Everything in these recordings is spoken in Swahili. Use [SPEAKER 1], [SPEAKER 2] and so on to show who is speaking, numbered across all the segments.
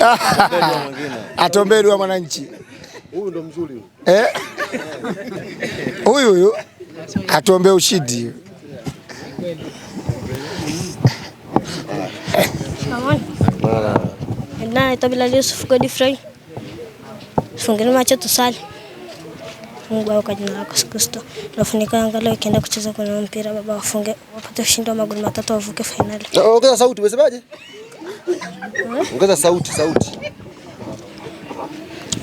[SPEAKER 1] Ah, Atombee dua mwananchi huyu huyu eh? atuombee ushindi.
[SPEAKER 2] Naitwa Bilal Yusuf Godi Frei. Fungeni macho tusali. Mungu au kwa jina lako Kristo. Nafunika angalo ikienda kucheza kwenye mpira, Baba wafunge wapate ushindi wa magoli matatu wavuke fainali.
[SPEAKER 1] Ongeza sauti, umesemaje? Ongeza sauti, sauti.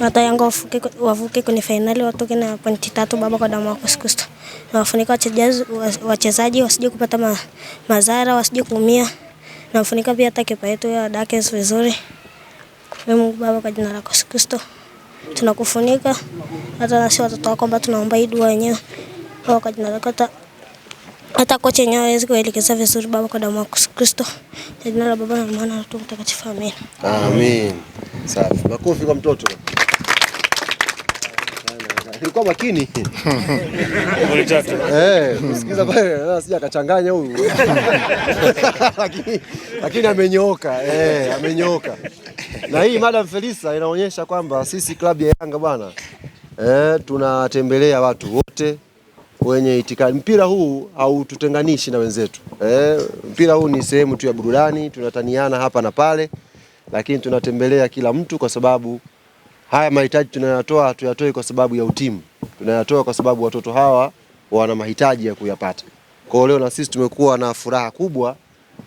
[SPEAKER 2] Watu Yanga wavuke kwenye fainali watoke na pointi tatu baba kwa damu yako Yesu Na wafunika wachezaji wasije kupata ma, madhara wasije kuumia. Na wafunika pia hata kipa yetu ya dake vizuri. Mungu Baba kwa jina lako Yesu Tunakufunika hata nasi watoto wako ambao tunaomba hii dua wenyewe. Kwa jina lako hata kocha yenyewe hawezi kuelekeza vizuri Baba, kwa damu ya Kristo, kwa jina la Baba na Mwana na Roho Mtakatifu, amen.
[SPEAKER 1] Amen. Safi. Makofi kwa mtoto. ilikuwa makini. Eh, pale sija akachanganya huyu. lakini amenyooka. Eh, amenyooka. Na hii Madam Felisa inaonyesha kwamba sisi klabu ya Yanga bwana, eh, tunatembelea watu wote wenye itikadi. Mpira huu haututenganishi na wenzetu eh, mpira huu ni sehemu tu ya burudani, tunataniana hapa na pale, lakini tunatembelea kila mtu kwa sababu haya mahitaji tunayatoa, tuyatoe kwa sababu ya utimu, tunayatoa kwa sababu watoto hawa wana mahitaji ya kuyapata. Kwa leo na sisi tumekuwa na furaha kubwa,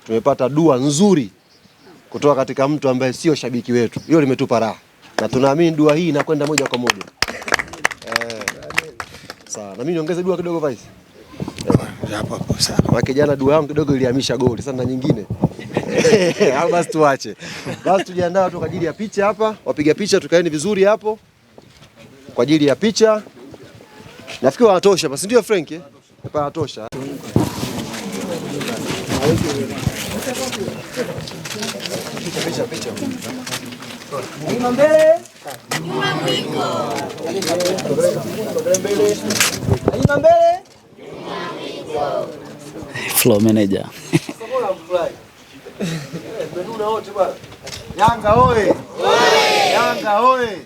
[SPEAKER 1] tumepata dua nzuri kutoka katika mtu ambaye sio shabiki wetu. Hiyo limetupa raha na tunaamini dua hii inakwenda moja kwa moja eh. Sawa. Na mimi niongeze dua kidogo Vice. Eh, hapo hapo sawa. Wake jana dua yangu kidogo ilihamisha goli sana na nyingine. Au basi tuache. Basi tujiandaa tu kwa ajili ya picha hapa. Wapiga picha tukaeni vizuri hapo. Kwa ajili ya picha. Nafikiri wanatosha basi ndio Frank eh? Wanatosha. Picha picha picha. Mbele.
[SPEAKER 3] Nyuma mwiko.
[SPEAKER 1] Nyuma mbele. Flow manager. Yanga oye! Yanga oye!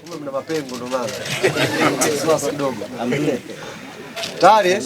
[SPEAKER 1] Kumbe mna mapengo ndo maana. Sasa kidogo. Tayari eh?